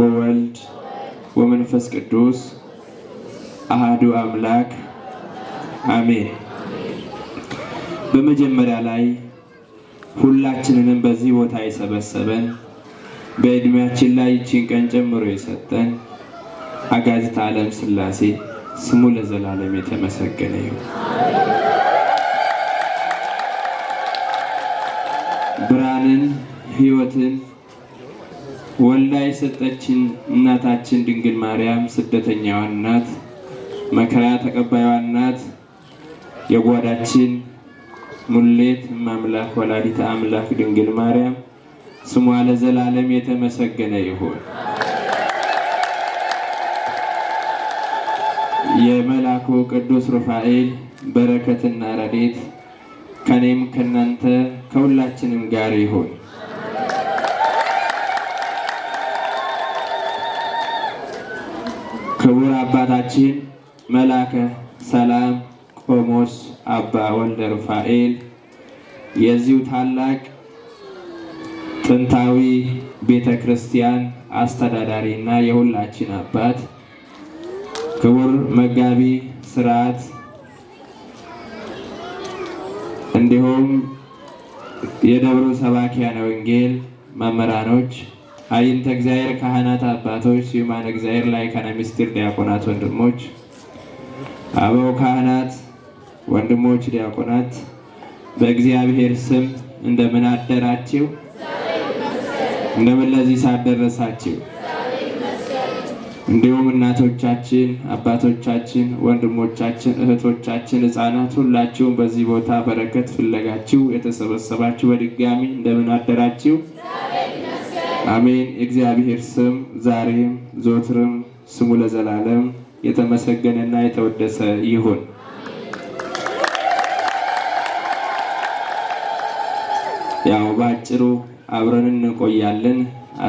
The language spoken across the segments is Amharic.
ወወልድ ወመንፈስ ቅዱስ አህዱ አምላክ አሜን። በመጀመሪያ ላይ ሁላችንንም በዚህ ቦታ የሰበሰበን በእድሜያችን ላይ ይችን ቀን ጨምሮ የሰጠን አጋዕዝተ ዓለም ሥላሴ ስሙ ለዘላለም የተመሰገነ ይሁን። ብርሃንን ሕይወትን ወላ የሰጠችን እናታችን ድንግል ማርያም ስደተኛዋ እናት፣ መከራ ተቀባይዋ እናት፣ የጓዳችን ሙሌት ማምላክ ወላዲተ አምላክ ድንግል ማርያም ስሟ ለዘላለም የተመሰገነ ይሁን። የመላኩ ቅዱስ ሩፋኤል በረከትና ረዴት ከኔም ከእናንተ ከሁላችንም ጋር ይሁን። አባታችን መላከ ሰላም ቆሞስ አባ ወልደ ሩፋኤል የዚሁ ታላቅ ጥንታዊ ቤተ ክርስቲያን አስተዳዳሪ እና የሁላችን አባት ክቡር መጋቢ ስርዓት እንዲሁም የደብሩ ሰባኪያነ ወንጌል መምህራኖች አይንተ እግዚአብሔር ካህናት አባቶች፣ ሲማን እግዚአብሔር ላይ ከነ ዲያቆናት ወንድሞች፣ አበው ካህናት ወንድሞች ዲያቆናት፣ በእግዚአብሔር ስም እንደምን አደራችሁ? እንደምን ለዚህ ሳደረሳችሁ? እንዲሁም እናቶቻችን፣ አባቶቻችን፣ ወንድሞቻችን፣ እህቶቻችን፣ ህፃናት ሁላችሁም በዚህ ቦታ በረከት ፍለጋችሁ የተሰበሰባችሁ በድጋሚ እንደምን አደራችሁ? አሜን። የእግዚአብሔር ስም ዛሬም ዘወትርም ስሙ ለዘላለም የተመሰገነና የተወደሰ ይሁን። ያው በአጭሩ አብረን እንቆያለን።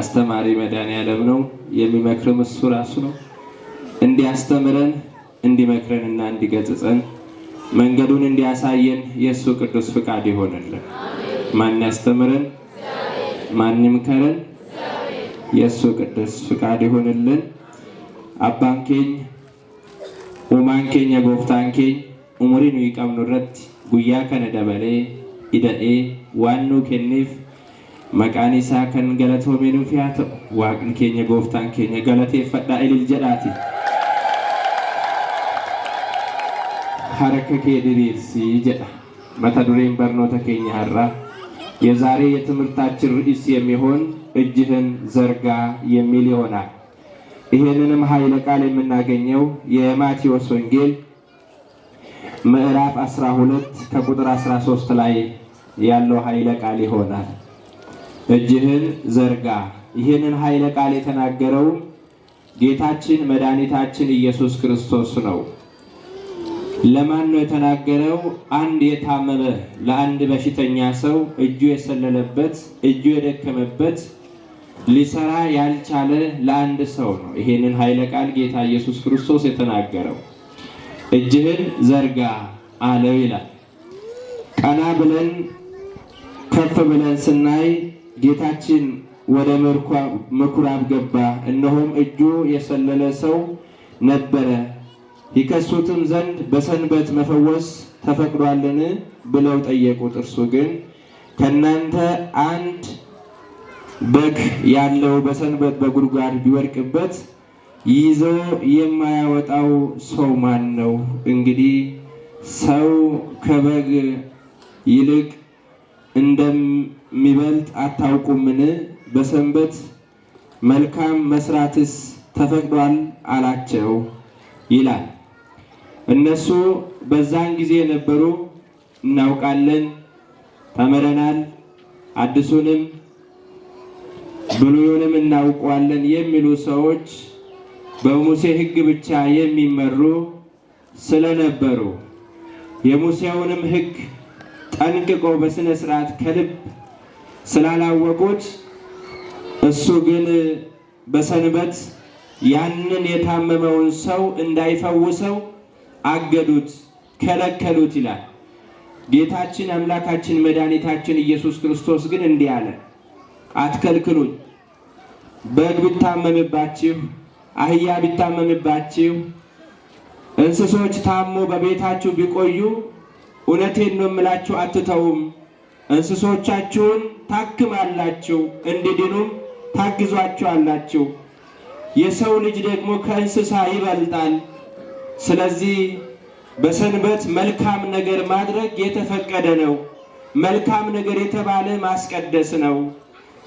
አስተማሪ መድኃኔዓለም ነው። የሚመክርም እሱ ራሱ ነው። እንዲያስተምረን እንዲመክረንና እንዲገጽጸን መንገዱን እንዲያሳየን የእሱ ቅዱስ ፍቃድ ይሆንልን። ማን ያስተምረን? ማን ይምከረን? የእሱ ቅዱስ ፍቃድ ይሁንልን። አባንኬኝ ኡማንኬኝ የቦፍታንኬኝ ኡሙሪን ይቀምኑረት ጉያ ከነ ደበሌ ኢደኤ ዋኑ ኬኒፍ maqaan isaa kan galatoomenuuf yaa ta'u waaqni keenya gooftaan keenya galateeffadhaa ilil jedhaati harka kee diriirsii jedha mata dureen barnoota keenya har'aa የዛሬ የትምህርታችን ርዕስ የሚሆን እጅህን ዘርጋ የሚል ይሆናል። ይህንንም ኃይለ ቃል የምናገኘው የማቴዎስ ወንጌል ምዕራፍ 12 ከቁጥር 13 ላይ ያለው ኃይለ ቃል ይሆናል። እጅህን ዘርጋ። ይህንን ኃይለ ቃል የተናገረው ጌታችን መድኃኒታችን ኢየሱስ ክርስቶስ ነው። ለማን ነው የተናገረው? አንድ የታመመ ለአንድ በሽተኛ ሰው እጁ የሰለለበት እጁ የደከመበት ሊሰራ ያልቻለ ለአንድ ሰው ነው። ይሄንን ኃይለ ቃል ጌታ ኢየሱስ ክርስቶስ የተናገረው እጅህን ዘርጋ አለው ይላል። ቀና ብለን ከፍ ብለን ስናይ ጌታችን ወደ ምኩራብ ገባ፣ እነሆም እጁ የሰለለ ሰው ነበረ። ይከሱትም ዘንድ በሰንበት መፈወስ ተፈቅዷልን ብለው ጠየቁት። እርሱ ግን ከእናንተ አንድ በግ ያለው በሰንበት በጉድጓድ ቢወድቅበት ይዞ የማያወጣው ሰው ማን ነው? እንግዲህ ሰው ከበግ ይልቅ እንደሚበልጥ አታውቁምን? በሰንበት መልካም መስራትስ ተፈቅዷል አላቸው ይላል። እነሱ በዛን ጊዜ የነበሩ እናውቃለን፣ ተምረናል፣ አዲሱንም ብሉዩንም እናውቀዋለን የሚሉ ሰዎች በሙሴ ሕግ ብቻ የሚመሩ ስለነበሩ የሙሴውንም ሕግ ጠንቅቆ በሥነ ሥርዓት ከልብ ስላላወቁት እሱ ግን በሰንበት ያንን የታመመውን ሰው እንዳይፈውሰው አገዱት፣ ከለከሉት ይላል። ጌታችን አምላካችን መድኃኒታችን ኢየሱስ ክርስቶስ ግን እንዲህ አለ፣ አትከልክሉኝ። በግ ቢታመምባችሁ፣ አህያ ቢታመምባችሁ፣ እንስሶች ታሞ በቤታችሁ ቢቆዩ፣ እውነቴን ነው የምላችሁ አትተውም። እንስሶቻችሁን ታክማላችሁ፣ እንዲድኑም ታግዟችኋላችሁ። የሰው ልጅ ደግሞ ከእንስሳ ይበልጣል። ስለዚህ በሰንበት መልካም ነገር ማድረግ የተፈቀደ ነው። መልካም ነገር የተባለ ማስቀደስ ነው።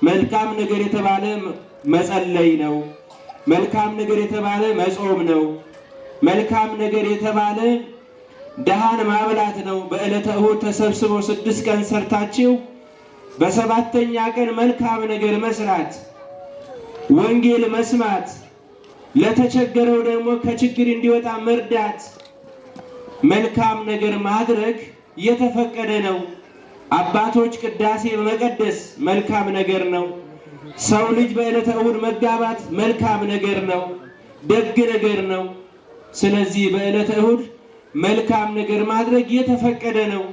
መልካም ነገር የተባለ መጸለይ ነው። መልካም ነገር የተባለ መጾም ነው። መልካም ነገር የተባለ ድሃን ማብላት ነው። በዕለተ እሁድ ተሰብስበው ስድስት ቀን ሰርታችሁ በሰባተኛ ቀን መልካም ነገር መስራት፣ ወንጌል መስማት ለተቸገረው ደግሞ ከችግር እንዲወጣ መርዳት፣ መልካም ነገር ማድረግ የተፈቀደ ነው። አባቶች ቅዳሴ መቀደስ መልካም ነገር ነው። ሰው ልጅ በዕለተ እሁድ መጋባት መልካም ነገር ነው፣ ደግ ነገር ነው። ስለዚህ በዕለተ እሁድ መልካም ነገር ማድረግ የተፈቀደ ነው።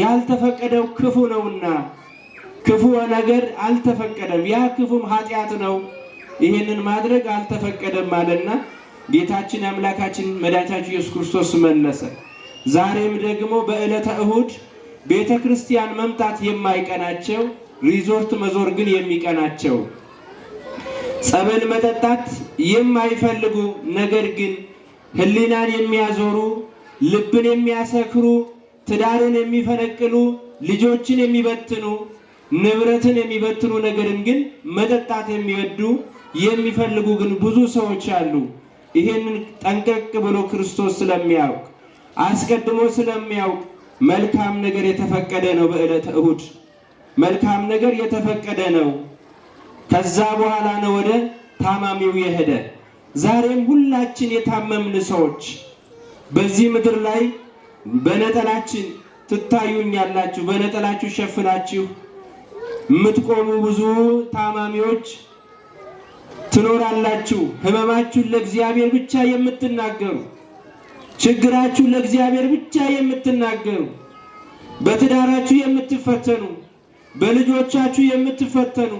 ያልተፈቀደው ክፉ ነውና ክፉ ነገር አልተፈቀደም። ያ ክፉም ኃጢአት ነው። ይህንን ማድረግ አልተፈቀደም አለና ጌታችን አምላካችን መድኃኒታችን ኢየሱስ ክርስቶስ መለሰ። ዛሬም ደግሞ በዕለተ እሁድ ቤተ ክርስቲያን መምጣት የማይቀናቸው ሪዞርት መዞር ግን የሚቀናቸው ጸበል መጠጣት የማይፈልጉ ነገር ግን ሕሊናን የሚያዞሩ ልብን የሚያሰክሩ ትዳርን የሚፈነቅሉ ልጆችን የሚበትኑ ንብረትን የሚበትኑ ነገርን ግን መጠጣት የሚወዱ የሚፈልጉ ግን ብዙ ሰዎች አሉ። ይህንን ጠንቀቅ ብሎ ክርስቶስ ስለሚያውቅ አስቀድሞ ስለሚያውቅ መልካም ነገር የተፈቀደ ነው። በዕለተ እሁድ መልካም ነገር የተፈቀደ ነው። ከዛ በኋላ ነው ወደ ታማሚው የሄደ። ዛሬም ሁላችን የታመምን ሰዎች በዚህ ምድር ላይ በነጠላችን ትታዩኛላችሁ፣ በነጠላችሁ ሸፍናችሁ የምትቆሙ ብዙ ታማሚዎች ትኖራላችሁ። ህመማችሁን ለእግዚአብሔር ብቻ የምትናገሩ፣ ችግራችሁን ለእግዚአብሔር ብቻ የምትናገሩ፣ በትዳራችሁ የምትፈተኑ፣ በልጆቻችሁ የምትፈተኑ፣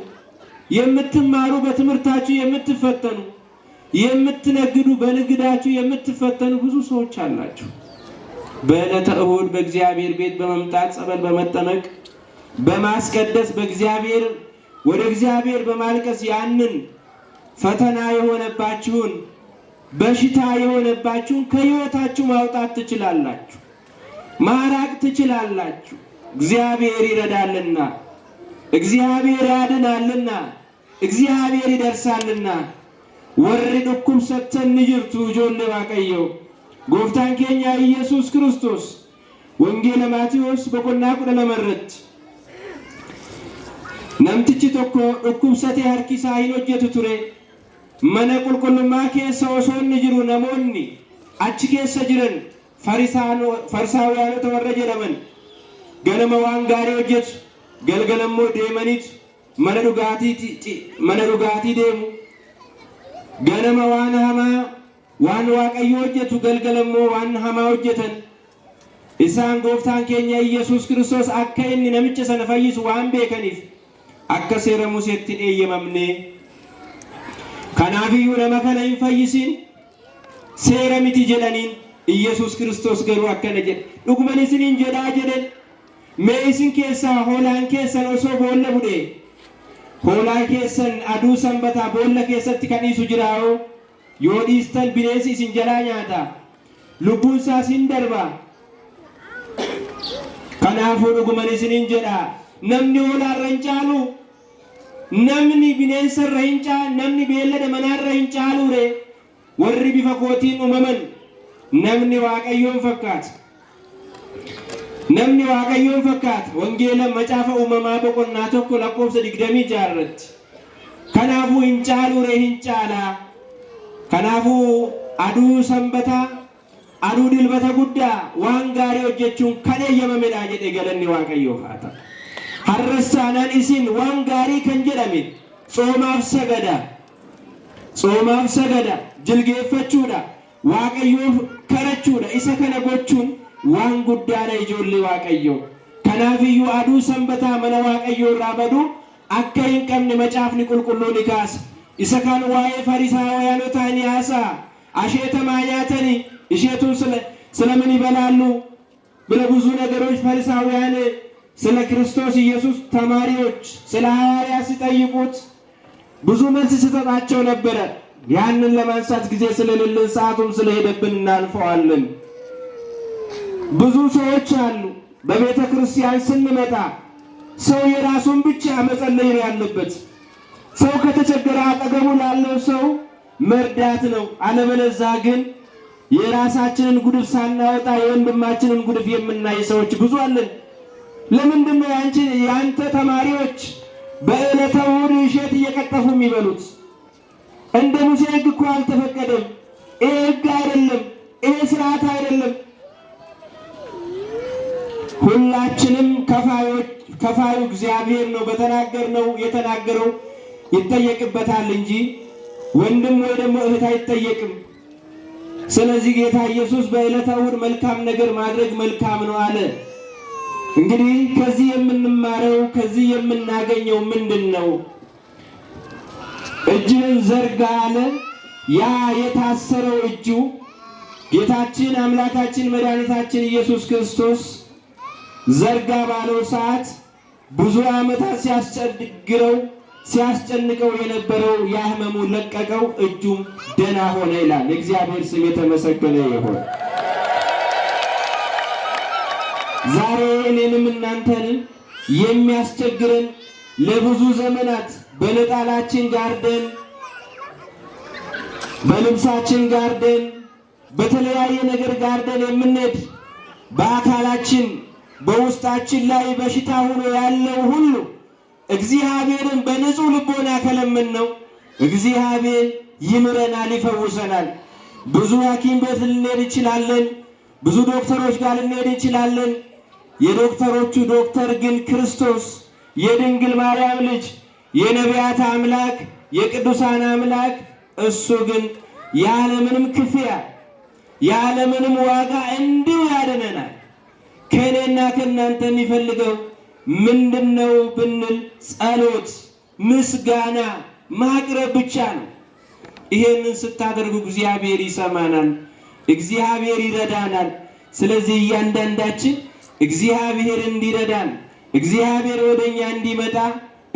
የምትማሩ፣ በትምህርታችሁ የምትፈተኑ፣ የምትነግዱ፣ በንግዳችሁ የምትፈተኑ ብዙ ሰዎች አላችሁ። በዕለተ እሁድ በእግዚአብሔር ቤት በመምጣት ጸበል በመጠመቅ በማስቀደስ በእግዚአብሔር ወደ እግዚአብሔር በማልቀስ ያንን ፈተና የሆነባችሁን በሽታ የሆነባችሁን ከህይወታችሁ ማውጣት ትችላላችሁ፣ ማራቅ ትችላላችሁ። እግዚአብሔር ይረዳልና፣ እግዚአብሔር ያድናልና፣ እግዚአብሔር ይደርሳልና። እኩም ሰተን ንጅርቱ ጆን ባቀየው ጎፍታን ኬኛ ኢየሱስ ክርስቶስ ወንጌለ ማቴዎስ በቆና ለመረት ነምትች ቶኮ ሰቴ አርኪሳ አይኖጀቱ mana qulqullummaa keessa osoo inni jiru namoonni achi keessa jiran farsaawaanota warra jedhaman ganama waan gaarii hojjetu galgalammoo deemaniitu mana dhugaatii deemu ganama waan hamaa waan waaqayyo hojjetu galgalammoo waan hamaa hojjetan isaan gooftaan keenya Yesuus Kiristoos akka inni namicha sana fayyisu waan beekaniif akka seera Museetti dheeyyamamnee ከናቢዩ ለመከነ ይንፈይሲን ሴረሚቲ ጀለኒን ኢየሱስ ክርስቶስ ገሩ አከነ ጀለ ዱጉመን ኢስኒን ጀዳ ጀለን mee isin keessa hoolaan keessan osoo boolla budhe hoolaan keessan aduu sanbataa boolla keessatti kan dhiisu jiraao yoo dhiistan bineensi isin jalaa nyaata lubbuun isaa isin darba kanaafuu dhuguman isiniin jedha namni hoolaan caalu namni bineensa hin caalu namni beellada manaa hin caaluure warri bifa kootiin uumaman namni waaqayyoon fakkaata. Namni waaqayyoon fakkaata wangeela macaafa uumamaa boqonnaa tokko lakkoofsa digdamii jaarratti. Kanaafuu hin caaluure hin caalaa. Kanaafuu aduu sanbataa aduu dilbata guddaa waan gaarii hojjechuun kan eeyyamamedha jedhee galanni waaqayyoo haa ta'u. አረሳናን ኢሲን ዋን ጋሪ ከን ጀዳሜን ጾማፍ ሰገዳ ጾማፍ ሰገዳ ጅልጌፈቹudha waaqayyoof karachuudha isa kana gochuun waan guddaadha ijoollee waaqayyoo kanaafiyyuu aduu sanbataa mana waaqayyoo irraa badu akka hin qabne macaafni qulqulluu ni kaasa isa kaan waa'ee fariisaawayaanotaa ni haasa'a asheetamaa nyaatanii isheetuun ስለምን ይበላሉ ብለ ብዙ ነገሮች ፈሪሳውያን ስለ ክርስቶስ ኢየሱስ ተማሪዎች ስለ ሐዋርያ ሲጠይቁት ብዙ መልስ ሲሰጣቸው ነበረ። ያንን ለማንሳት ጊዜ ስለሌለን ሰዓቱም ስለሄደብን እናልፈዋለን። ብዙ ሰዎች አሉ። በቤተ ክርስቲያን ስንመጣ ሰው የራሱን ብቻ መጸለይ ነው ያለበት። ሰው ከተቸገረ አጠገቡ ላለው ሰው መርዳት ነው። አለበለዛ ግን የራሳችንን ጉድፍ ሳናወጣ የወንድማችንን ጉድፍ የምናይ ሰዎች ብዙ አለን። ለምንድን ነው ያንቺ ያንተ ተማሪዎች በዕለተ እሑድ እሸት እየቀጠፉ የሚበሉት? እንደ ሙሴ ሕግ እኮ አልተፈቀደም። ይሄ ሕግ አይደለም፣ ይሄ ስርዓት አይደለም። ሁላችንም ከፋዩ እግዚአብሔር ነው። በተናገርነው የተናገረው ይጠየቅበታል እንጂ ወንድም ወይ ደግሞ እህት አይጠየቅም። ስለዚህ ጌታ ኢየሱስ በዕለተ እሑድ መልካም ነገር ማድረግ መልካም ነው አለ። እንግዲህ ከዚህ የምንማረው ከዚህ የምናገኘው ምንድን ነው? እጅህን ዘርጋ አለ። ያ የታሰረው እጁ ጌታችን አምላካችን መድኃኒታችን ኢየሱስ ክርስቶስ ዘርጋ ባለው ሰዓት ብዙ ዓመታት ሲያስጨግረው ሲያስጨንቀው የነበረው ያህመሙ ለቀቀው፣ እጁም ደና ሆነ ይላል። እግዚአብሔር ስም የተመሰገነ ይሁን። እኔንም እናንተን የሚያስቸግረን ለብዙ ዘመናት በነጣላችን ጋርደን በልብሳችን ጋርደን በተለያየ ነገር ጋርደን የምንሄድ በአካላችን በውስጣችን ላይ በሽታ ሆኖ ያለው ሁሉ እግዚአብሔርን በንጹህ ልቦና ከለምን ነው እግዚአብሔር ይምረናል፣ ይፈውሰናል። ብዙ ሐኪም ቤት ልንሄድ እንችላለን። ብዙ ዶክተሮች ጋር ልንሄድ እንችላለን። የዶክተሮቹ ዶክተር ግን ክርስቶስ የድንግል ማርያም ልጅ የነቢያት አምላክ የቅዱሳን አምላክ እሱ ግን ያለምንም ክፍያ ያለምንም ዋጋ እንዲሁ ያድነናል። ከእኔና ከእናንተ የሚፈልገው ምንድን ነው ብንል ጸሎት፣ ምስጋና ማቅረብ ብቻ ነው። ይሄንን ስታደርጉ እግዚአብሔር ይሰማናል፣ እግዚአብሔር ይረዳናል። ስለዚህ እያንዳንዳችን እግዚአብሔር እንዲረዳን እግዚአብሔር ወደ እኛ እንዲመጣ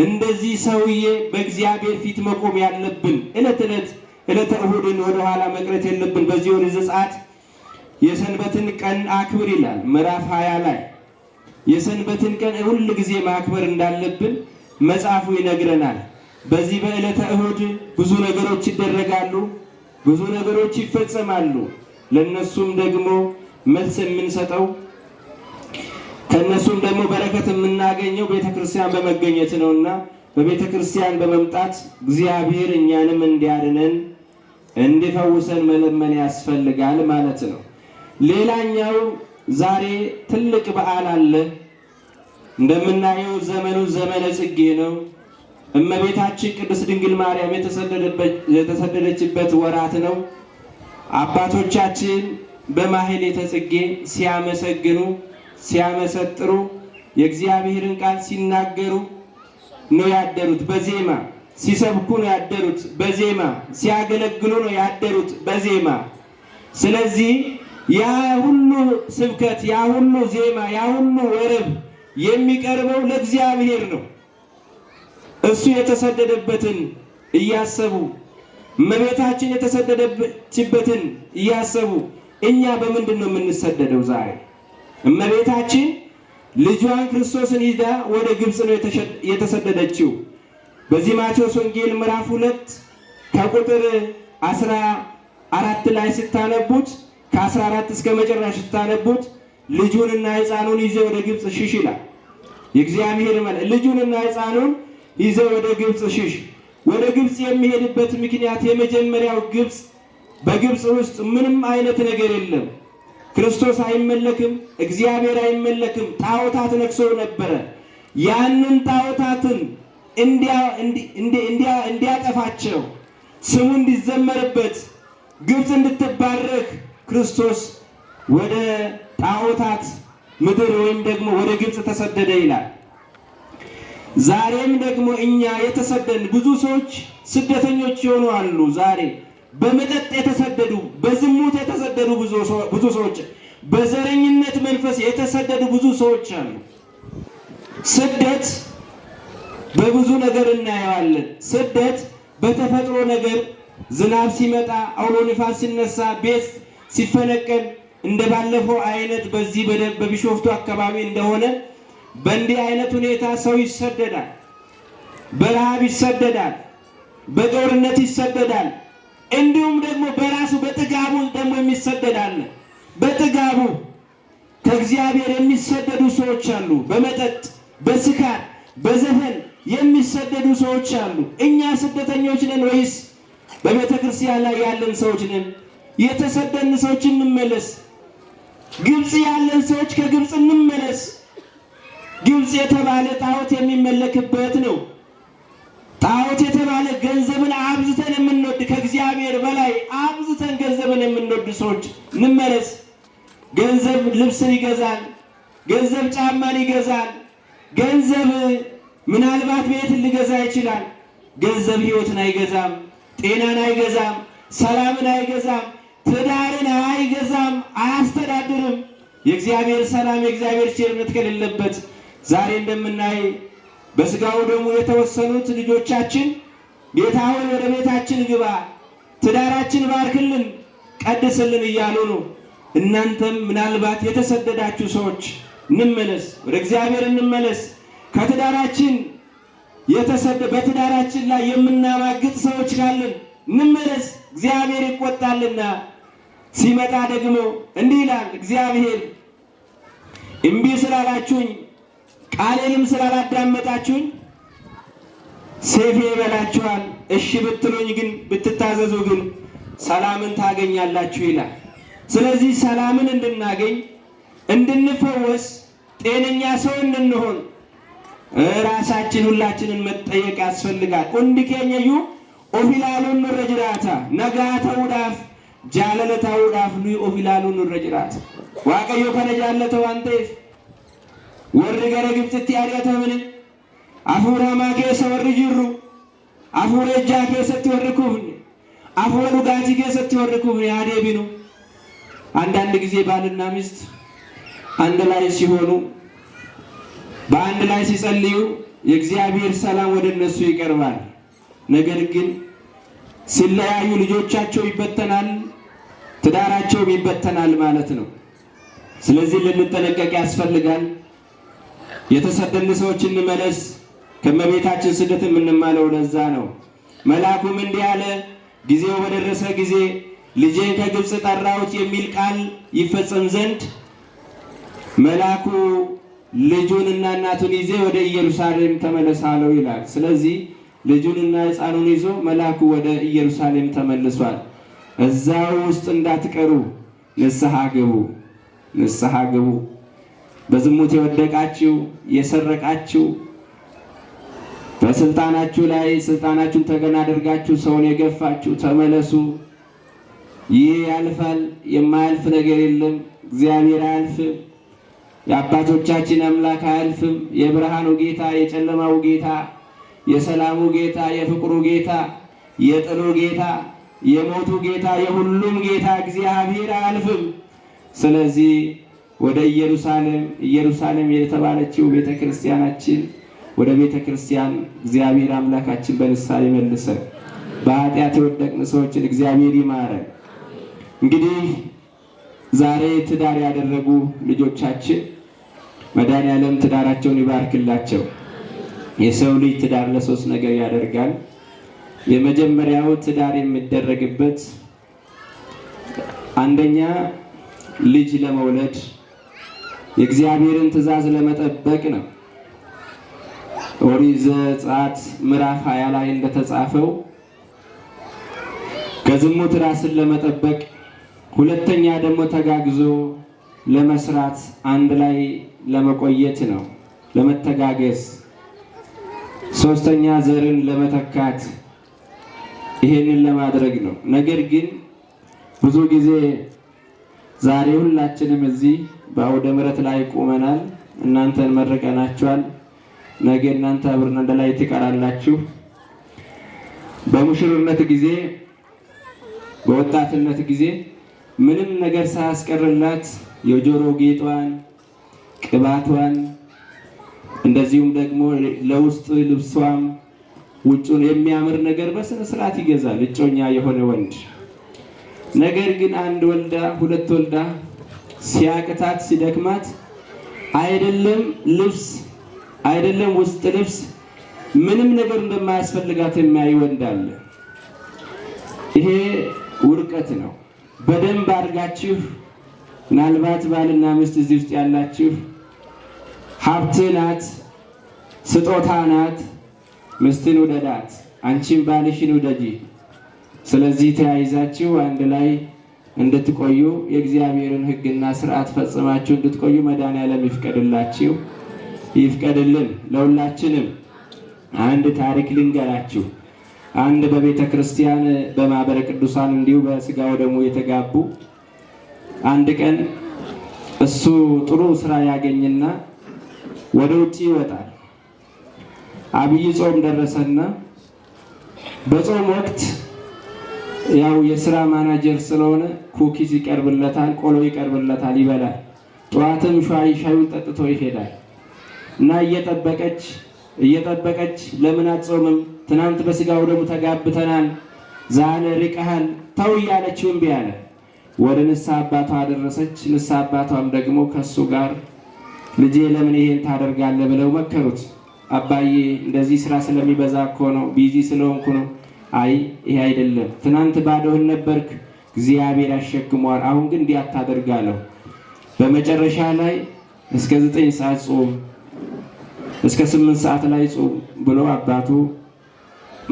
እንደዚህ ሰውዬ በእግዚአብሔር ፊት መቆም ያለብን እለት እለት እለተ እሑድን ወደኋላ መቅረት የለብን። በዚህ ወደ ዘጸአት የሰንበትን ቀን አክብር ይላል ምዕራፍ ሀያ ላይ የሰንበትን ቀን ሁል ጊዜ ማክበር እንዳለብን መጽሐፉ ይነግረናል። በዚህ በእለተ እሁድ ብዙ ነገሮች ይደረጋሉ፣ ብዙ ነገሮች ይፈጸማሉ። ለእነሱም ደግሞ መልስ የምንሰጠው ከእነሱም ደግሞ በረከት የምናገኘው ቤተ ክርስቲያን በመገኘት ነውና በቤተ ክርስቲያን በመምጣት እግዚአብሔር እኛንም እንዲያድነን እንዲፈውሰን መለመን ያስፈልጋል ማለት ነው። ሌላኛው ዛሬ ትልቅ በዓል አለ። እንደምናየው ዘመኑ ዘመነ ጽጌ ነው። እመቤታችን ቅድስት ድንግል ማርያም የተሰደደችበት ወራት ነው። አባቶቻችን በማህሌተ ጽጌ ሲያመሰግኑ ሲያመሰጥሩ የእግዚአብሔርን ቃል ሲናገሩ ነው ያደሩት። በዜማ ሲሰብኩ ነው ያደሩት። በዜማ ሲያገለግሉ ነው ያደሩት። በዜማ ስለዚህ ያ ሁሉ ስብከት፣ ያ ሁሉ ዜማ፣ ያ ሁሉ ወረብ የሚቀርበው ለእግዚአብሔር ነው። እሱ የተሰደደበትን እያሰቡ እመቤታችን የተሰደደችበትን እያሰቡ እኛ በምንድን ነው የምንሰደደው ዛሬ? እመቤታችን ልጇን ክርስቶስን ይዛ ወደ ግብፅ ነው የተሰደደችው። በዚህ ማቴዎስ ወንጌል ምዕራፍ ሁለት ከቁጥር አስራ አራት ላይ ስታነቡት ከአስራ አራት እስከ መጨረሻ ስታነቡት ልጁንና ሕፃኑን ይዘ ወደ ግብፅ ሽሽ ይላል። የእግዚአብሔር መ ልጁንና ሕፃኑን ይዘ ወደ ግብፅ ሽሽ። ወደ ግብፅ የሚሄድበት ምክንያት የመጀመሪያው ግብፅ በግብፅ ውስጥ ምንም አይነት ነገር የለም። ክርስቶስ አይመለክም፣ እግዚአብሔር አይመለክም፣ ጣዖታት ነግሶ ነበረ። ያንን ጣዖታትን እንዲያጠፋቸው ስሙ እንዲዘመርበት ግብፅ እንድትባረክ ክርስቶስ ወደ ጣዖታት ምድር ወይም ደግሞ ወደ ግብፅ ተሰደደ ይላል። ዛሬም ደግሞ እኛ የተሰደን ብዙ ሰዎች ስደተኞች የሆኑ አሉ ዛሬ በመጠጥ የተሰደዱ በዝሙት የተሰደዱ ብዙ ሰዎች፣ በዘረኝነት መንፈስ የተሰደዱ ብዙ ሰዎች አሉ። ስደት በብዙ ነገር እናየዋለን። ስደት በተፈጥሮ ነገር ዝናብ ሲመጣ፣ አውሎ ንፋስ ሲነሳ፣ ቤት ሲፈነቀል እንደ ባለፈው አይነት በዚህ በቢሾፍቱ አካባቢ እንደሆነ በእንዲህ አይነት ሁኔታ ሰው ይሰደዳል። በረሃብ ይሰደዳል። በጦርነት ይሰደዳል። እንዲሁም ደግሞ በራሱ በጥጋቡ ደግሞ የሚሰደድ አለ። በጥጋቡ ከእግዚአብሔር የሚሰደዱ ሰዎች አሉ። በመጠጥ በስካር በዘፈን የሚሰደዱ ሰዎች አሉ። እኛ ስደተኞች ነን ወይስ በቤተ ክርስቲያን ላይ ያለን ሰዎች ነን? የተሰደን ሰዎች እንመለስ። ግብፅ ያለን ሰዎች ከግብፅ እንመለስ። ግብፅ የተባለ ጣዖት የሚመለክበት ነው። ጣዖት የተባለ ገንዘብን አብዝተን የምንወድ ከእግዚአብሔር በላይ አብዝተን ገንዘብን የምንወድ ሰዎች እንመለስ። ገንዘብ ልብስን ይገዛል። ገንዘብ ጫማን ይገዛል። ገንዘብ ምናልባት ቤትን ሊገዛ ይችላል። ገንዘብ ሕይወትን አይገዛም። ጤናን አይገዛም። ሰላምን አይገዛም። ትዳርን አይገዛም፣ አያስተዳድርም። የእግዚአብሔር ሰላም የእግዚአብሔር ቸርነት ከሌለበት ዛሬ እንደምናይ በስጋው ደግሞ የተወሰኑት ልጆቻችን ጌታ ሆይ ወደ ቤታችን ግባ፣ ትዳራችን ባርክልን፣ ቀድስልን እያሉ ነው። እናንተም ምናልባት የተሰደዳችሁ ሰዎች እንመለስ፣ ወደ እግዚአብሔር እንመለስ። ከትዳራችን በትዳራችን ላይ የምናማግጥ ሰዎች ካለን እንመለስ፣ እግዚአብሔር ይቆጣልና። ሲመጣ ደግሞ እንዲህ ይላል እግዚአብሔር እምቢ ስላላችሁኝ ቃሌንም ስላላዳመጣችሁኝ ሴፌ ይበላችኋል። እሺ ብትሉኝ ግን ብትታዘዙ ግን ሰላምን ታገኛላችሁ ይላል። ስለዚህ ሰላምን እንድናገኝ እንድንፈወስ፣ ጤነኛ ሰው እንድንሆን ራሳችን ሁላችንን መጠየቅ ያስፈልጋል። ቁንድ ኬኘዩ ኦፊላሉን ንረጅራታ ነጋተውዳፍ ጃለለታውዳፍ ሉይ ኦፊላሉን ንረጅራታ ዋቀዮ ከነጃለተው አንቴፍ ወርድ ገረ ግብፅት ያደ ተብን አፉራ ማኬ ሰወር ጅሩ አፉረ እጃ ከሰት ወርኩብን አፉረ ዱጋቲ ከሰት ወርኩብን ያደ ቢኑ አንዳንድ ጊዜ ባልና ሚስት አንድ ላይ ሲሆኑ በአንድ ላይ ሲጸልዩ የእግዚአብሔር ሰላም ወደ እነሱ ይቀርባል። ነገር ግን ሲለያዩ ልጆቻቸው ይበተናል፣ ትዳራቸውም ይበተናል ማለት ነው። ስለዚህ ልንጠነቀቅ ያስፈልጋል። የተሰደድን ሰዎች እንመለስ። ከመቤታችን ስደት የምንማለው ለዛ ነው። መልአኩም እንዲህ አለ፣ ጊዜው በደረሰ ጊዜ ልጄን ከግብፅ ጠራሁት የሚል ቃል ይፈጸም ዘንድ መልአኩ ልጁንና እናቱን ይዜ ወደ ኢየሩሳሌም ተመለሳለው ይላል። ስለዚህ ልጁንና ሕፃኑን ይዞ መልአኩ ወደ ኢየሩሳሌም ተመልሷል። እዛው ውስጥ እንዳትቀሩ ንስሐ ግቡ፣ ንስሐ ግቡ። በዝሙት የወደቃችሁ የሰረቃችሁ፣ በስልጣናችሁ ላይ ስልጣናችሁን ተገን አድርጋችሁ ሰውን የገፋችሁ ተመለሱ። ይህ ያልፋል። የማያልፍ ነገር የለም። እግዚአብሔር አያልፍም። የአባቶቻችን አምላክ አያልፍም። የብርሃኑ ጌታ፣ የጨለማው ጌታ፣ የሰላሙ ጌታ፣ የፍቅሩ ጌታ፣ የጥሉ ጌታ፣ የሞቱ ጌታ፣ የሁሉም ጌታ እግዚአብሔር አያልፍም። ስለዚህ ወደ ኢየሩሳሌም ኢየሩሳሌም የተባለችው ቤተ ክርስቲያናችን ወደ ቤተ ክርስቲያን እግዚአብሔር አምላካችን በንስሐ ይመልሰን። በኃጢአት የወደቅን ሰዎችን እግዚአብሔር ይማረን። እንግዲህ ዛሬ ትዳር ያደረጉ ልጆቻችን መድኃኔዓለም ትዳራቸውን ይባርክላቸው። የሰው ልጅ ትዳር ለሶስት ነገር ያደርጋል። የመጀመሪያው ትዳር የሚደረግበት አንደኛ ልጅ ለመውለድ የእግዚአብሔርን ትእዛዝ ለመጠበቅ ነው። ኦሪት ዘጸአት ምዕራፍ ሀያ ላይ እንደተጻፈው ከዝሙት ራስን ለመጠበቅ ሁለተኛ ደግሞ ተጋግዞ ለመስራት አንድ ላይ ለመቆየት ነው፣ ለመተጋገዝ ሶስተኛ ዘርን ለመተካት ይሄንን ለማድረግ ነው። ነገር ግን ብዙ ጊዜ ዛሬ ሁላችንም እዚህ በአውደ ምረት ላይ ቁመናል። እናንተን መርቀናችኋል። ነገ እናንተ አብረን ላይ ትቀራላችሁ። በሙሽርነት ጊዜ በወጣትነት ጊዜ ምንም ነገር ሳያስቀርላት የጆሮ ጌጧን፣ ቅባቷን እንደዚሁም ደግሞ ለውስጥ ልብሷም ውጩን የሚያምር ነገር በስነ ስርዓት ይገዛል እጮኛ የሆነ ወንድ ነገር ግን አንድ ወልዳ ሁለት ወልዳ ሲያቅታት ሲደክማት አይደለም ልብስ አይደለም ውስጥ ልብስ ምንም ነገር እንደማያስፈልጋት የሚያይ ወንድ አለ። ይሄ ውርቀት ነው። በደንብ አድርጋችሁ ምናልባት ባልና ሚስት እዚህ ውስጥ ያላችሁ ሀብት ናት፣ ስጦታ ናት። ሚስትን ውደዳት፣ አንቺን ባልሽን ውደጂ። ስለዚህ ተያይዛችሁ አንድ ላይ እንድትቆዩ የእግዚአብሔርን ሕግና ስርዓት ፈጽማችሁ እንድትቆዩ መድኃኔዓለም ይፍቀድላችሁ ይፍቀድልን። ለሁላችንም አንድ ታሪክ ልንገራችሁ። አንድ በቤተ ክርስቲያን በማህበረ ቅዱሳን እንዲሁ በስጋ ወደሙ የተጋቡ አንድ ቀን እሱ ጥሩ ስራ ያገኝና ወደ ውጭ ይወጣል። አብይ ጾም ደረሰና በጾም ወቅት ያው የስራ ማናጀር ስለሆነ ኩኪስ ይቀርብለታል፣ ቆሎ ይቀርብለታል፣ ይበላል። ጠዋትም ሻይ ሻዩን ጠጥቶ ይሄዳል እና እየጠበቀች እየጠበቀች ለምን አጾምም? ትናንት በስጋው ወደሙ ተጋብተናል፣ ዛነ ርቀሃል፣ ተው እያለችው እምቢ አለ። ወደ ንስሐ አባቷ አደረሰች። ንስሐ አባቷም ደግሞ ከእሱ ጋር ልጄ ለምን ይሄን ታደርጋለህ ብለው መከሩት። አባዬ እንደዚህ ስራ ስለሚበዛ እኮ ነው፣ ቢዚ ስለሆንኩ ነው አይ ይሄ አይደለም፣ ትናንት ባዶህን ነበርክ፣ እግዚአብሔር አሸክሟል። አሁን ግን እንዲህ አታደርጋለሁ። በመጨረሻ ላይ እስከ ዘጠኝ ሰዓት ጾም፣ እስከ ስምንት ሰዓት ላይ ጾም ብሎ አባቱ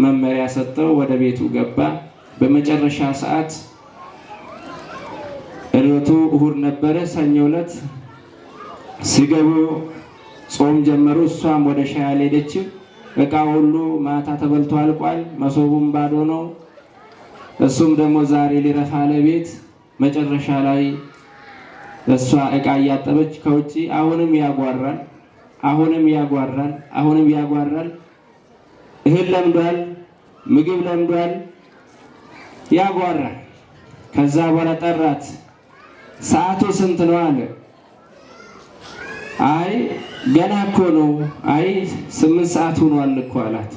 መመሪያ ሰጠው። ወደ ቤቱ ገባ። በመጨረሻ ሰዓት እለቱ እሁድ ነበረ። ሰኞ ዕለት ሲገቡ ጾም ጀመሩ። እሷም ወደ ሻይ አልሄደችም። እቃ ሁሉ ማታ ተበልቶ አልቋል። መሶቡም ባዶ ነው። እሱም ደግሞ ዛሬ ሊረፋ ለቤት መጨረሻ ላይ እሷ እቃ እያጠበች ከውጭ አሁንም ያጓራል፣ አሁንም ያጓራል፣ አሁንም ያጓራል። እህል ለምዷል፣ ምግብ ለምዷል፣ ያጓራል። ከዛ በኋላ ጠራት። ሰዓቱ ስንት ነው አለ አይ ገና እኮ ነው፣ አይ ስምንት ሰዓት ሆኗል እኮ አላት።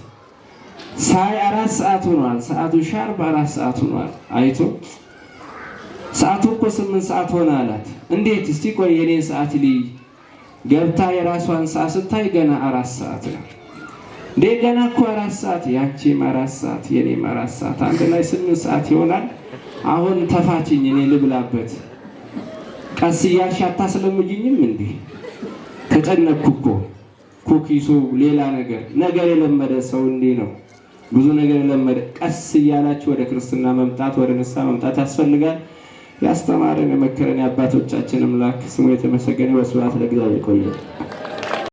ሳይ አራት ሰዓት ሆኗል፣ ሰዓቱ ሻርፕ አራት ሰዓት ሆኗል። አይቶ ሰዓቱ እኮ ስምንት ሰዓት ሆነ አላት። እንዴት እስቲ ቆይ የኔን ሰዓት ልይ። ገብታ የራሷን ሰዓት ስታይ ገና አራት ሰዓት ነው። እንዴ ገና እኮ አራት ሰዓት፣ ያቺም አራት ሰዓት፣ የኔም አራት ሰዓት፣ አንድ ላይ ስምንት ሰዓት ይሆናል። አሁን ተፋችኝ፣ እኔ ልብላበት። ቀስ እያልሽ አታስለምጅኝም እንዴ? ተጨነቅኩ እኮ ኩኪሱ ሌላ ነገር ነገር የለመደ ሰው እንዲህ ነው። ብዙ ነገር የለመደ ቀስ እያላችሁ ወደ ክርስትና መምጣት ወደ ንስሐ መምጣት ያስፈልጋል። ያስተማረን የመከረን የአባቶቻችን አምላክ ስሙ የተመሰገነ። ወስብሐት ለእግዚአብሔር። ቆየ